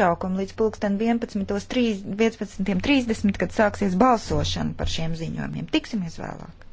pārtraukumu līdz pulksten 11.30, 11. kad sāksies balsošana par šiem ziņojumiem. Tiksimies vēlāk!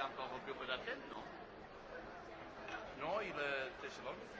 è ancora più per la no? Noi, le Thessaloniki,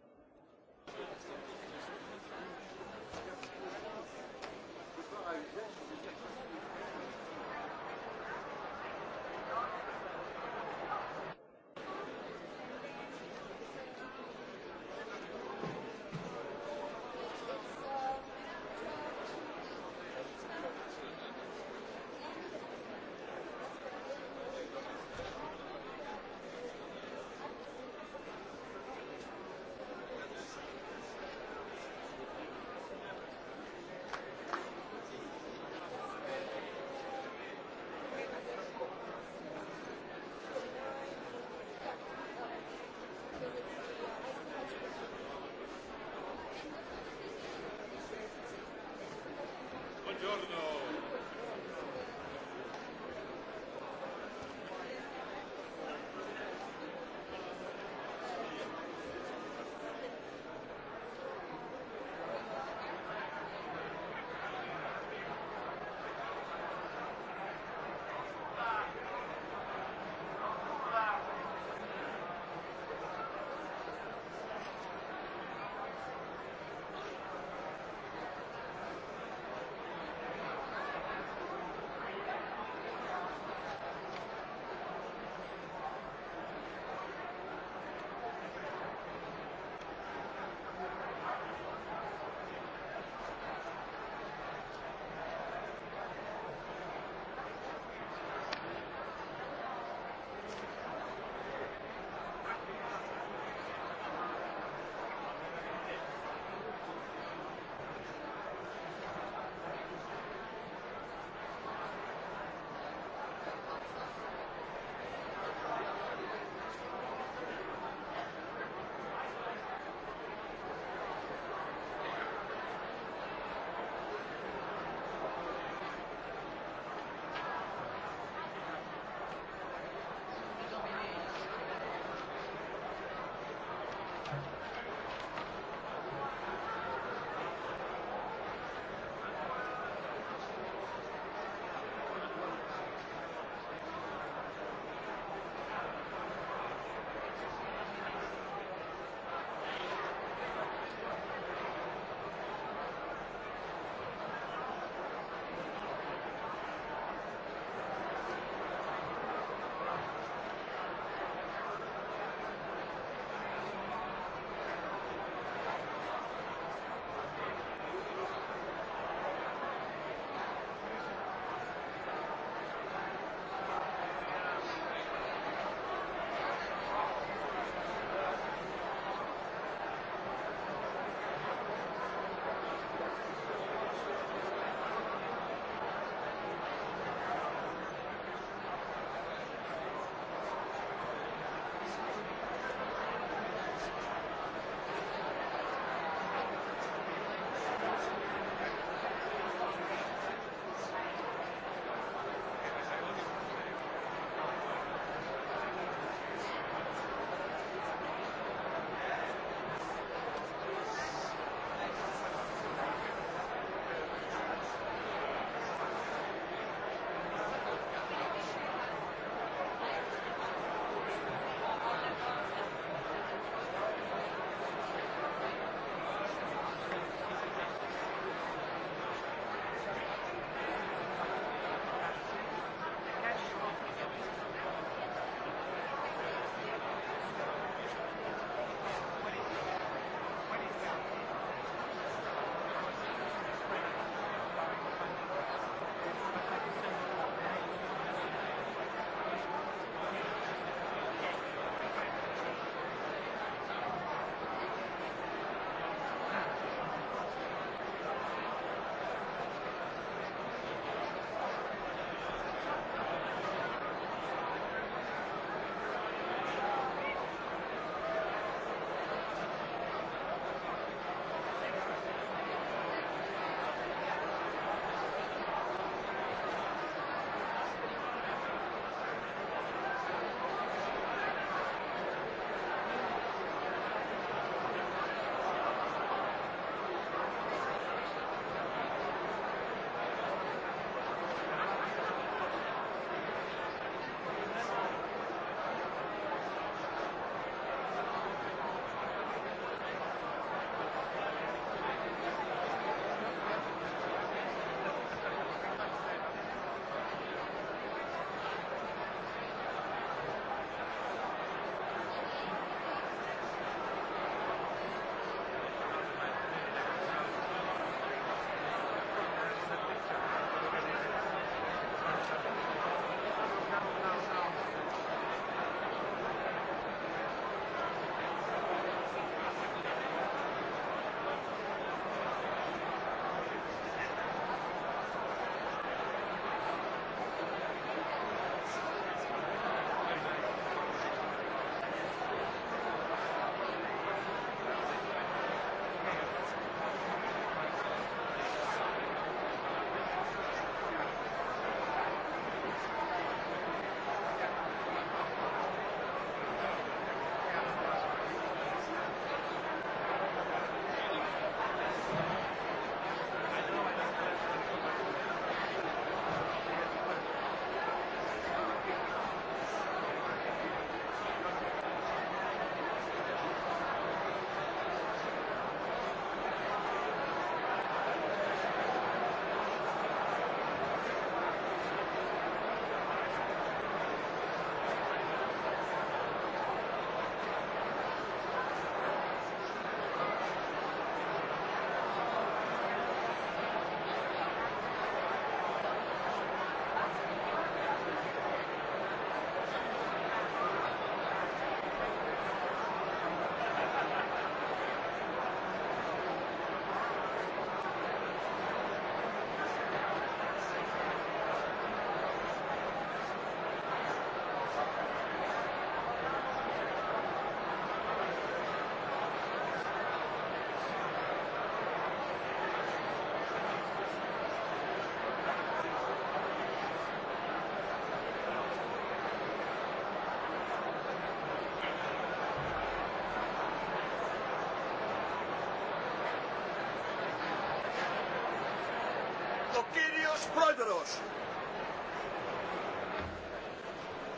πρόεδρος.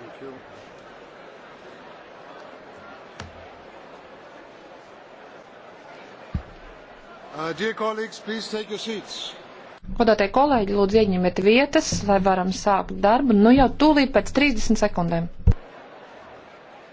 Thank you. Uh, dear colleagues, please take your seats. Godātie kolēģi, lūdzu ieņemiet vietas, lai varam sākt darbu, nu jau tūlīt pēc 30 sekundēm.